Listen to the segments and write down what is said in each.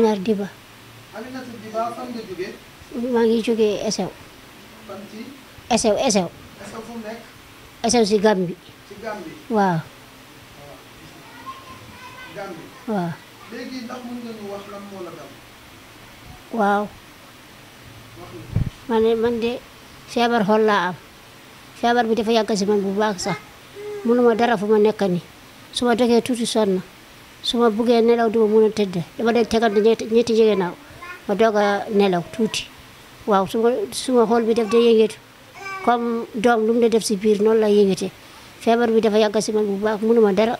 Aminata di Aminata Mangi juga nga jóge maa ngi si Gambi si Gambi Wow. Gambi waaw léegi ndax mën nga ñu wax lan la waaw man de am bi dafa si man bu baax sax munuma dara fu ma ni su ma suma buge buggee nelaw duma mun a tëdd dama de tegal ñetti ñetti jegeenaaw ma doog a nelaw tuuti waaw suma ma su ma xool bi def day yëngatu comme doom lu mu def si bir noonu la yëngate feebar bi dafa yàgg si man bu baax ma dara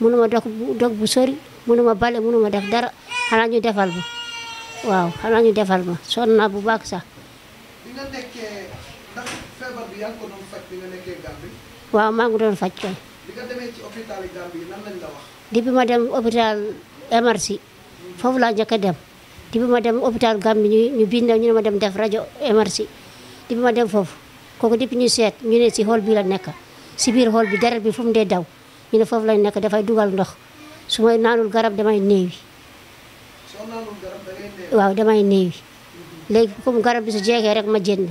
munuma dog dok bu sori munuma bale munuma def dara xanaa ñu defal ma waaw xanaa ñu defal ma sonn naa bu baax sax. bi nga nekkee ndax feebar bi yaa ngi ko doon faj bi nga nekkee Gambie. waaw maa ngi doon faj kay. nga demee ci hôpital Gambie nan lañ la wax. depuis ma dem hôpital MRC foofu laa njëkk a dem depuis ma dem hôpital Gambie ñu ñu bind ñu ne ma dem def rajo MRC depuis ma dem foofu kooku depuis ñu seet ñu ne si xool bi la nekk si biir bi deret bi fu mu dee daw ñu ne foofu lañ nekk dafay dugal ndox su may naanul garab damay néewi waaw damay néewi léegi comme garab bi su jeexee rek ma jënd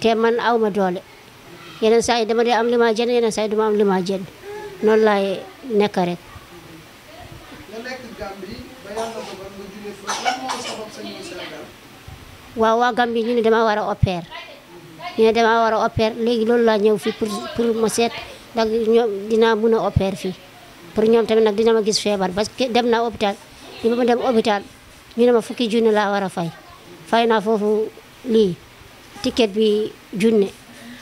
te man aw ma doole yeneen saa yi dama dee am li ma jënd yeneen saa yi am li ma noonu laay nekk rek waaw waa Gambie ñu ne dama war a opérer ñu ne dama war a opérer léegi loolu laa ñëw fii pour pour ma seet ndax ñoom mun a opeer fii pour ñoom tamit nag dina ma gis feebar parce que dem naa hôpital bi ma dem hôpital ñu ne ma fukki junne laa war a fay fay naa foofu lii ticket bi junne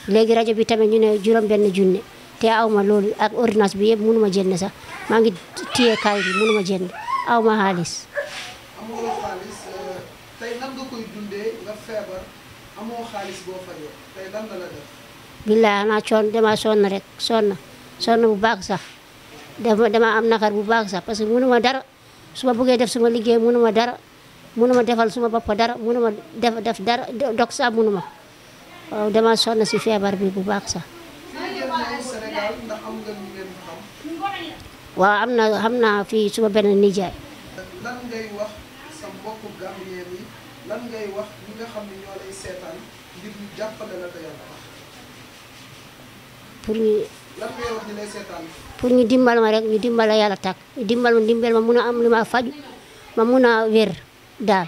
léegi rajo bi tamit ñu ne juróom benn junne te aw ma loolu ak ordonnance bi yëpp mënu ma jënd sax maa ngi téye kaay bi mënu ma jënd aw ma xaalis amoo xaalis eh, tey nan nga koy dundee nga feebar amoo xaalis boo fajoo tey lan la def billaay xanaa coon dama son rek son son bu baax sax dama dama am nakar bu baax sax parce que mënuma dara su ma bëggee def suma liggéey mënuma dara mënuma defal suma bopp dara mënuma def def dara dog sa mënuma waaw dama son ci feebar bi bu baax sax ndax am nga wa amna amna fi naa fii suma beneen nijaay. lan ngay wax sa mbokku gambien yi lan ngay wax ñi nga xamni ñolay ñoo ngir ñu jappale la tayal pour ñu. lan ngay wax ñi lay seetaan. pour ñu dimbal ma rek ñu dimbal la tak dimbal mu dimbal ma mëna am lima faj ma mëna wër dal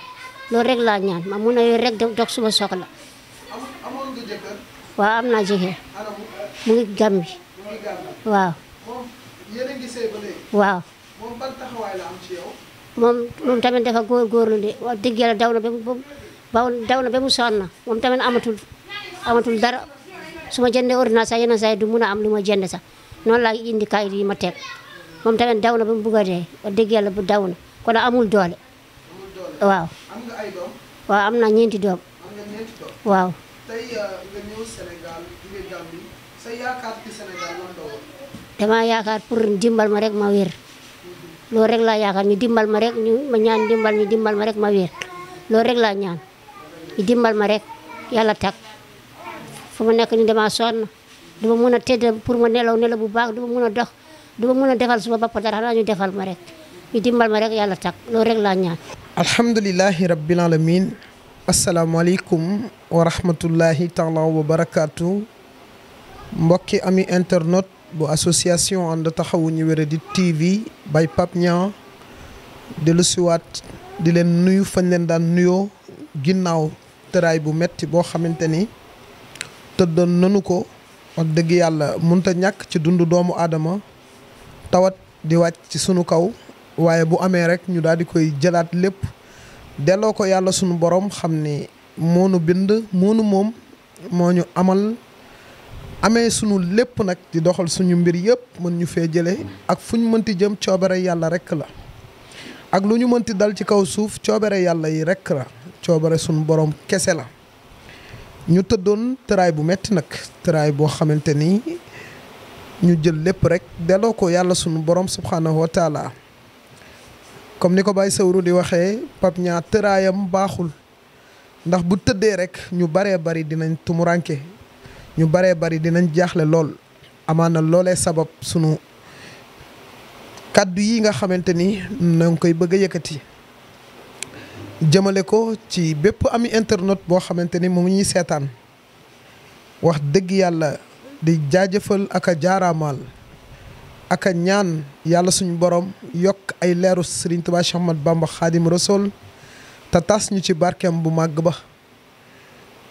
lo rek la ñaan ma mëna a rek dox suma soxla. amon nga jëkkal wa amna naa eh? mu ngi gambi wa Wow. Mom gisee ba léegi. waaw. moom ban taxawaay la am ci yow. moom moom tamit dafa de wax dëgg yàlla daw na ba mu ba amatul amatul dara su ma jëndee ordonnance sax yenn du mun am lu ma jënd sax noonu indi kayit yi ma na ba mu bugg a dee bu daw na kon amul doole. Wow. doole waaw. am nga ay doom. waaw am na ñeenti waaw. Euh, nga sa yaakaar ci tema ya kar pur dimbal marek mawir loreng la ya rek kan, ni dimbal marek ni menyan dimbal ni dimbal marek mawir loreng la nyan ni dimbal marek ya la tak fu ma nek ni dama son dama mo na tedde pur ma nelaw nelaw bu baax dama mo na dox dama mo na defal suma bop dara la ñu defal marek ni dimbal marek ya la tak loreng la nyan alhamdulillahi rabbil alamin asalaamaaleykum wa rahmatullahi taala wa mbokki ami internet bu association ànd taxawuñu ñu di TV bay Pape Niang dellu di leen nuyu fañ leen daan nuyoo ginnaaw tëraay bu metti boo xamante ni tëddoon nanu ko ak dëgg yàlla mënta ñàkk ci dundu doomu aadama tawat di wàcc ci sunu kaw waaye bu amee rek ñu daal di koy jëlaat lépp delloo ko yàlla sunu boroom xam ni moonu bind moonu moom moo ñu amal amee sunu lépp nag di doxal suñu mbir yëpp mën ñu fee jëlee ak fu ñu mënti jëm coobare yàlla rekk la ak lu ñu mënti dal ci kaw suuf coobare yàlla yi rekk la coobare suñu boroom kese la ñu tëddoon tëraay bu metti nag tëraay boo xamante ni ñu jël lépp rekk delloo ko yàlla sunu borom subhanahu wa taala comme ni ko Baye Sawru di waxee Pape Niang tëraayam baaxul ndax bu tëddee rekk ñu baree bari dinañ tumuranke ñu baree bari dinañ jaaxle lool amaana loolee sabab sunu kàddu yi nga xamante ni na ngi koy bëgg yëkkati jëmale ko ci bépp ami internet boo xamante ni moom ñuy seetaan wax dëgg yàlla di jaajëfal ak a jaaraamaal ak a ñaan yàlla suñu borom yokk ay leeru Serigne Touba Cheikh Ahmad Bamba Khadim Rassoul te tas ñu ci barkem bu màgg ba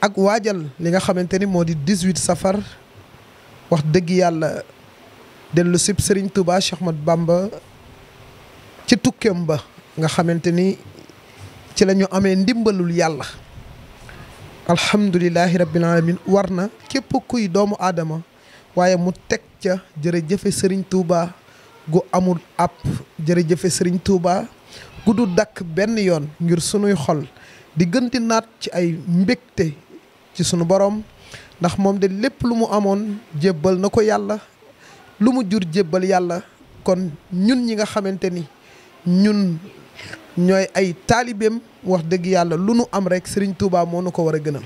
ak waajal li nga xamante ni moo di 18 safar wax dëgg yàlla dellu sib Serigne Touba Cheikh Ahmad Bamba ci tukkeem ba nga xamante ni ci lañu amee ndimbalul yàlla alhamdulilahi rabbil alamin war na képp kuy doomu aadama waaye mu teg ca jëre jërëjëfe sëriñ Touba gu amul àpp jërëjëfe Serigne Touba gu du dakk benn yoon ngir sunuy xol di gënti naat ci ay mbégte ci sunu boroom ndax moom de lépp lu mu amoon jébbal na ko yàlla lu mu jur jébbal yàlla kon ñun ñi nga xamante ni ñun ñooy ay taalibeem wax dëgg yàlla lu nu am rek sëriñ Touba moo nu ko war a gënal.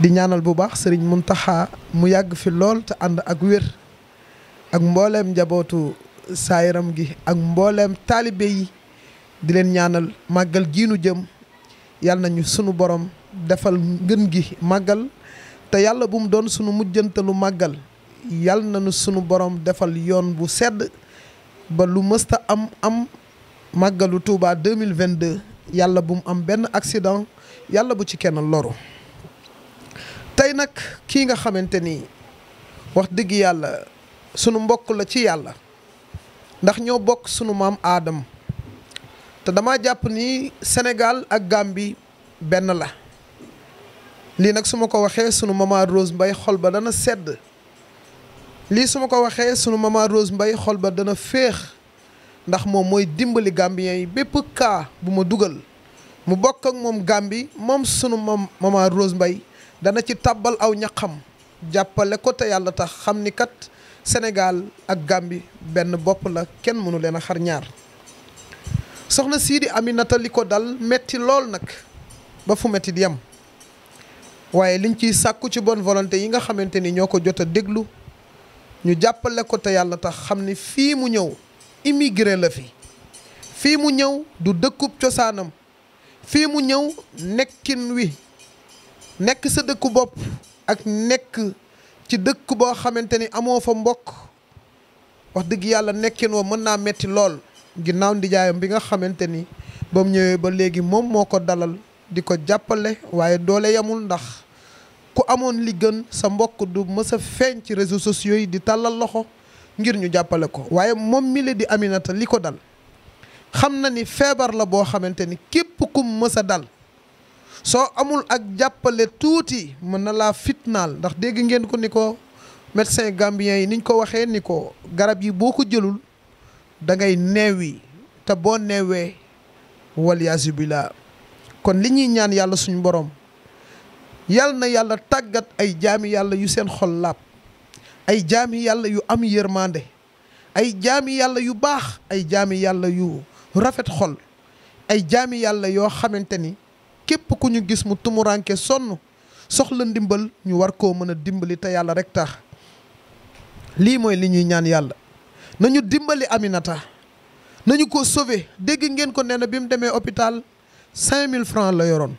di ñaanal bu baax sëriñ Serigne Mountakha mu yàgg fi lool te ànd ak wér ak mbooleem njabootu saayaram gi ak mbooleem taalibe yi di leen ñaanal màggal giinu jëm yàlla nañu sunu borom. defal ngën gi màggal te yàlla bu mu doon sunu mujjantalu màggal yàlla nañu sunu borom defal yoon bu sedd ba lu mësta am am màggalu Touba 2022 yàlla bu mu am benn accident yàlla bu ci kenn loru tey nag kii nga xamante ni wax dëgg yàlla sunu mbokk la ci yàlla ndax ñoo bokk sunu maam aadam te dama jàpp ni Sénégal ak Gambie benn la lii nag su ma ko waxee sunu maman Rose mbay xol ba dana sedd lii su ma ko waxee sunu maman Rose Mbaye xol ba dana féex ndax moom mooy dimbali Gambien yi bépp kaa bu ma dugal mu bokk ak moom Gambi moom sunu maman Rose mbay dana ci tàbbal aw ñaqam jàppale ko te yàlla tax xam ni kat senegaal ak Gambi benn bopp la kenn mënu leen a xar soxna sii di Aminata li ko dal metti lool nag ba fu metti di yam waaye liñ ciy sàkku ci bonne volonté yi nga xamante ni ñoo ko jot a déglu ñu jàppale ko te yàlla tax xam ni fii mu ñëw immigré la fi fii mu ñëw du dëkkub cosaanam fii mu ñëw nekkin wi nekk sa dëkku bopp ak nekk ci dëkk boo xamante ni amoo fa mbokk wax dëgg yàlla nekkin woo mën naa metti lool ginnaaw ndijaayam bi nga xamante ni ba ñëwee ba léegi moom moo ko dalal di ko jàppale waaye doole yamul ndax ku amoon li gën sa mbokk du mës ci réseaux sociaux di talal loxo ngir ñu jàppale ko waaye moom mi di Aminata liko dal xam ni febar la boo xamante ni képp ku dal so amul ak jàppale tuuti mën na fitnal, fitnaal ndax dégg ngeen ko ni ko médecin gambien yi niñ ko waxee ni ko garab yi boo jëlul da ngay neewi te boo wal kon li ñuy ñaan yàlla suñu boroom yal na yàlla tàggat ay jaami yàlla yu seen xol làpp ay jaami yàlla yu am yërmande ay jaami yàlla yu baax ay jaami yàlla yu rafet xol ay jaami yàlla yoo xamante ni képp ku ñu gis mu tumuraanke sonn soxla ndimbal ñu war koo mën a dimbali te yàlla rek tax lii mooy li ñuy ñaan yàlla nañu dimbali Aminata nañu ko sauver dégg ngeen ko nee bi mu demee hôpital 5000 francs la yoroon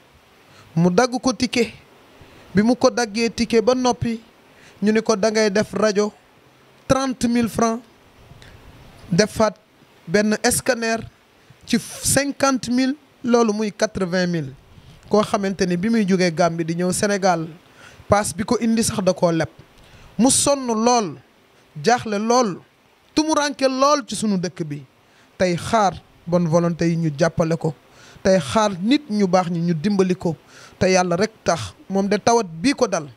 mu dagg ticket bi a un ticket ba n'opi. ñu ni ko def 000 francs defaat un scanner ci 50000 loolu muy 80000 Ko ni bi muy Gambie Sénégal indi sax da koo muson mu tumuranke lool ci dëkk bi xaar bonne volonté tey xaar nit ñu baax ñi ñu dimbali ko te yàlla rek tax moom de tawat bii ko dal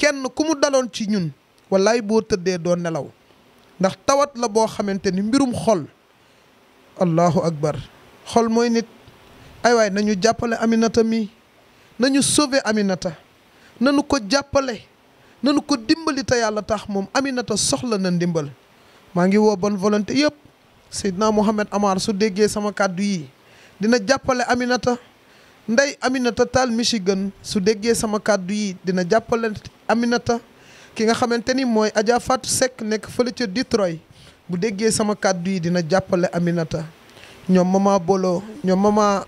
kenn ku mu daloon ci ñun wallaay boo tëddee doo nelaw ndax tawat la boo xamante ni mbirum xol allahu akbar xol mooy nit ay waay nañu jàppale Aminata mi nañu sauver Aminata nanu ko jàppale nanu ko dimbali te yàlla tax moom Aminata soxla na ndimbal maa ngi woo bonne volonté yëpp Seydina Mohamed Amar su déggee sama kàddu yi dina jàppale Aminata ndey Aminata tal Michigan su déggee sama kàddu yi dina jàppale Aminata ki nga xamante ni mooy Adja Fatou sek nekk fële ca Detroit bu déggee sama kàddu yi dina jàppale Aminata ñoom mama Bolo ñoom mama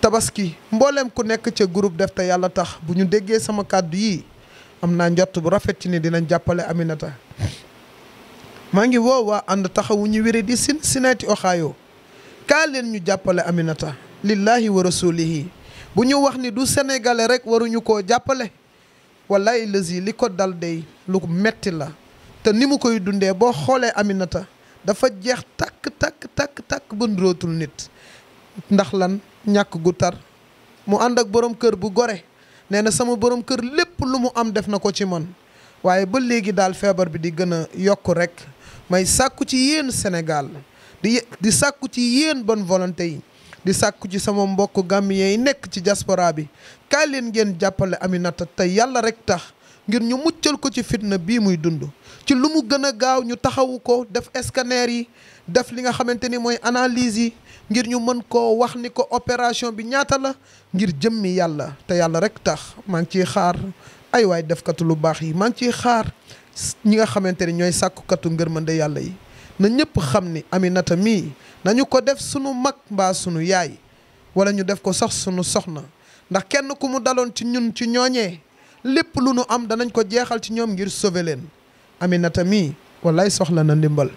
Tabaski mbooleem ku nekk ca groupe def te yàlla tax bu ñu déggee sama kàddu yi am naa njott bu rafet ci ni dinañ jàppale Aminata maa ngi woo and taxawu ñu wéré di Cincinnati Ohio kaa ñu jàppale Aminata lillahi wa rasulihi bu ñu wax ni du senegale rek waruñu koo jàppale wallahi lësi li ko dal day lu metti la te ni mu koy dundee boo xoolee Aminata dafa jeex takk takk takk takk ba nurootul nit ndax lan ñàkk gu tar mu ànd ak borom kër bu gore nee na sama borom kër lépp lu mu am def na ko ci man waaye ba léegi daal feebar bi di gën a yokk rek may sàkku ci yéen senegal di sàkku ci yéen bonne volonté yi di sàkku ci sama mbokk gambien yi nekk ci diaspora bi kaay leen ngeen jàppale Aminata te yàlla rek tax ngir ñu muccal ko ci fitna bii muy dund ci lu mu gën a gaaw ñu taxawu ko def scanner yi def li nga xamante ni mooy analyse yi ngir ñu mën koo wax ni ko opération bi ñaata la ngir jëmmi yàlla te yàlla rek tax maa ngi ciy xaar ay waay defkatu lu baax yi maa ngi ciy xaar ñi nga xamante ni ñooy sàkkukatu mën ngërmande yàlla yi na ñëpp xam ni Aminata mii nañu ko def sunu mag mbaa sunu yaay wala ñu def ko sox sunu soxna ndax kenn ku mu daloon ci ñun ci ñooñee lépp lu nu am danañ ko jeexal ci ñoom ngir sauver leen Aminata mii wallaay soxla na ndimbal